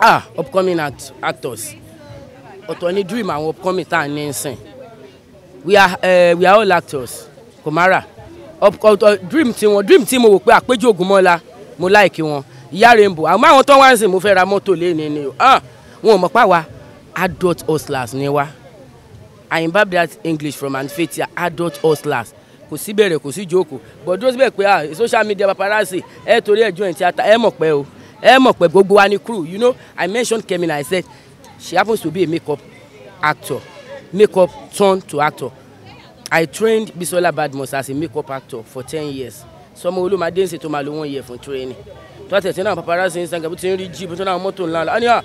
ah upcoming act actors ọ̀tọ̀ ni dream àwọn upcoming tá à ní we are uh, we are all actors Komara ọ̀tọ̀ dream tí wọn dream tí mo wò pé àpéjọ Ògúnmọ́lá mo láìkí wọn ìyá rainbow àmọ́ àwọn tó wá ń sìn mo fẹ́ ra mọ́tò lẹ́ni ni o ah wọn ò mọ̀ pa wá adult hustlers ni wá I imbibe that English from anfetia adult hustlers kò sí bẹ̀rẹ̀ kò sí jókòó bọ̀ dúró síbẹ̀ pé ah social media paparazzi ẹ torí ẹ join theatre ẹ mọ̀ pé o ẹ mọ̀ pé gbogbo wa ni crew you know I mentioned Kemi and I said she happens to be a makeup actor makeup turn to actor I trained Bisola Badmus as a makeup actor for ten years sọmọ olómadé ń ṣètò máa lo one year fún training tó àtẹ̀tẹ̀ náà paparazzi Instagram bó ti ń rí jíìpù tó náà mọ́tò ńlá ńlá ọ́nìyà ah,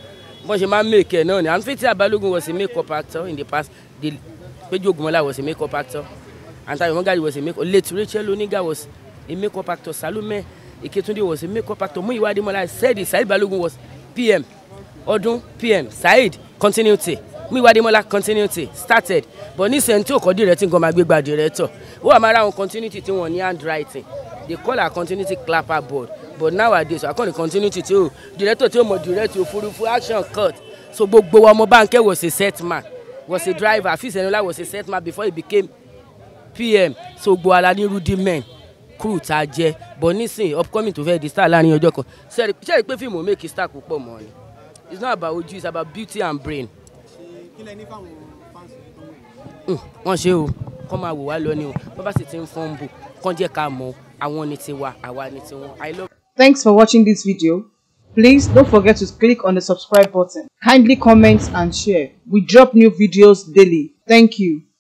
bọ́n ṣe máa ń make ẹ̀ náà ni àǹfẹ̀tì Abalogun was a makeup actor in the past péjú Ògúnmọ́lá was a makeup actor And Antayo Mongari was a make oh, late Rachel Oniga was a up actor. Salome Iketunde was a up actor. Muyiwa Mola said it. Said Balogun was PM. Odun PM. Said continuity. Muyiwa Mola continuity started. But nísìnyí tí òkò directing kan máa gbé gba director. Wọ́n àmọ́ ara wọn continuity tí wọ́n ní handwriting. They call our continuity clapper board. But nowadays, I call the continuity too director tí o mọ̀ direct òfurufú action cut. So gbogbo ọmọ Bankẹ́ was a set man was a driver. Afis Enola was a set man before he became pm sogbo ala ní rudiment crew tá a jẹ nísìn upcoming tó fẹ́ di star láàrin ọjọ́ kan ṣẹ́ẹ̀rì pé fíìmù make star púpọ̀ mọ́ ni it's not about ojú it's about beauty and brain. Hmm, wọ́n ṣe o kọ́ máa wò wá lọ ni o bọ́ bá sì ti ń fọ́n bò kàn jẹ́ ká mọ̀ àwọn ni tiwa àwa ni tiwọn. Thanks for watching this video. Please don't forget to click on the subscribe button. Kindly comment and share. We drop new videos daily. Thank you.